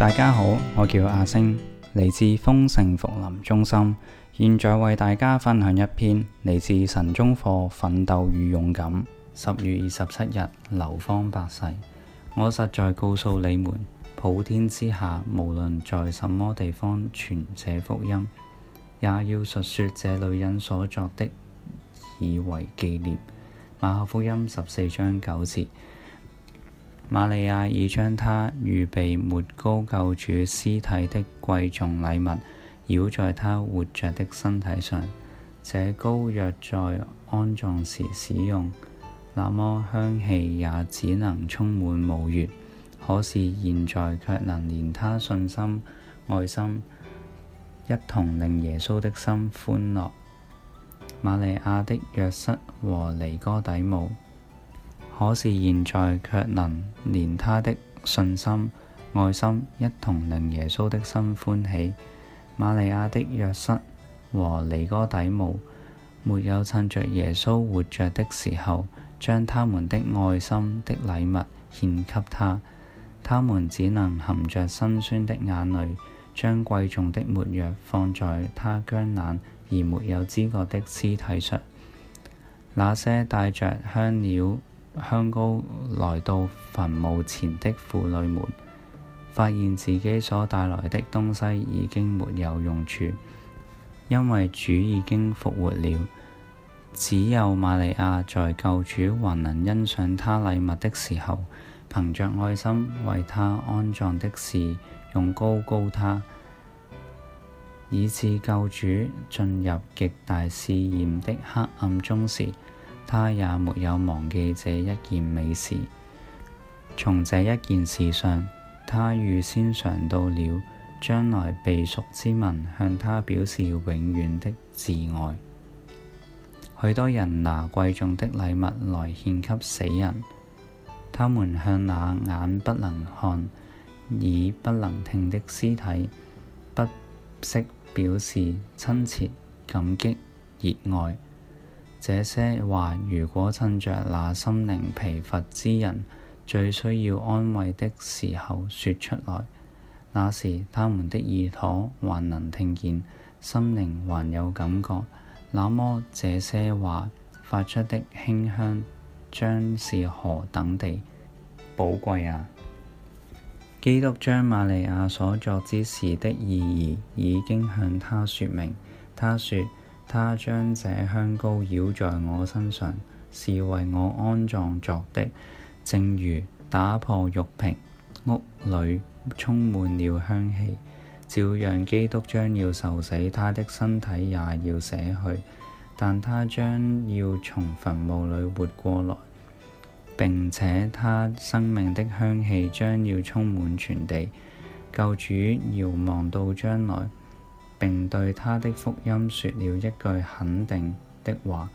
大家好，我叫阿星，嚟自豐盛福林中心，現在為大家分享一篇嚟自神宗課《奮鬥與勇敢》。十月二十七日，流芳百世。我實在告訴你們，普天之下，無論在什麼地方傳這福音，也要述說這女人所作的，以為紀念。馬可福音十四章九節。瑪利亞已將他預備抹膏救主屍體的貴重禮物繞在他活著的身體上。這膏若在安葬時使用，那麼香氣也只能充滿墓穴。可是現在卻能連他信心、愛心一同令耶穌的心歡樂。瑪利亞的約瑟和尼哥底母。可是現在卻能連他的信心、愛心一同令耶穌的心歡喜。瑪利亞的約瑟和尼哥底母沒有趁著耶穌活着的時候，將他們的愛心的禮物獻給他，他們只能含著辛酸的眼淚，將貴重的末藥放在他僵冷而沒有知覺的屍體上。那些帶著香料。香膏來到墳墓前的婦女們，發現自己所帶來的東西已經沒有用處，因為主已經復活了。只有瑪利亞在救主還能欣賞他禮物的時候，憑著愛心為他安葬的事，用膏膏他，以至救主進入極大試驗的黑暗中時。他也沒有忘記這一件美事，從這一件事上，他預先嚐到了將來被贖之民向他表示永遠的摯愛。許多人拿貴重的禮物來獻給死人，他們向那眼不能看、耳不能聽的屍體不惜表示親切、感激、熱愛。這些話如果趁着那心靈疲乏之人最需要安慰的時候說出來，那時他們的耳朵還能聽見，心靈還有感覺。那麼這些話發出的馨香將是何等地寶貴啊！基督將瑪利亞所作之事的意義已經向他說明，他說。他將這香膏繞在我身上，是為我安葬作的，正如打破玉瓶，屋裏充滿了香氣。照樣，基督將要受死，他的身體也要捨去，但他將要從墳墓裏活過來，並且他生命的香氣將要充滿全地。救主遙望到將來。並對他的福音說了一句肯定的話：“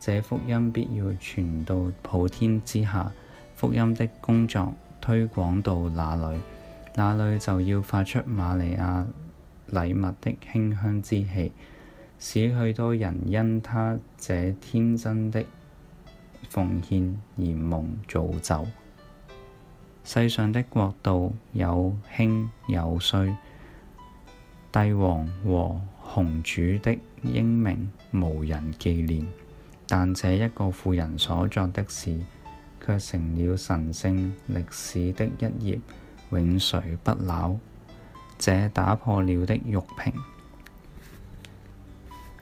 這福音必要傳到普天之下。”福音的工作推廣到哪裏，哪裏就要發出瑪利亞禮物的馨香之氣，使許多人因他這天真的奉獻而蒙造就。世上的國度有興有衰。帝王和雄主的英明無人紀念，但這一個婦人所作的事，卻成了神聖歷史的一頁，永垂不朽。這打破了的玉瓶，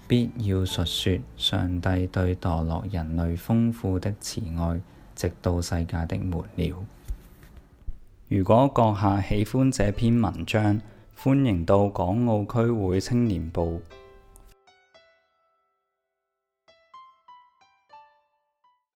必要述說上帝對墮落人類豐富的慈愛，直到世界的末了。如果閣下喜歡這篇文章，歡迎到港澳區會青年部。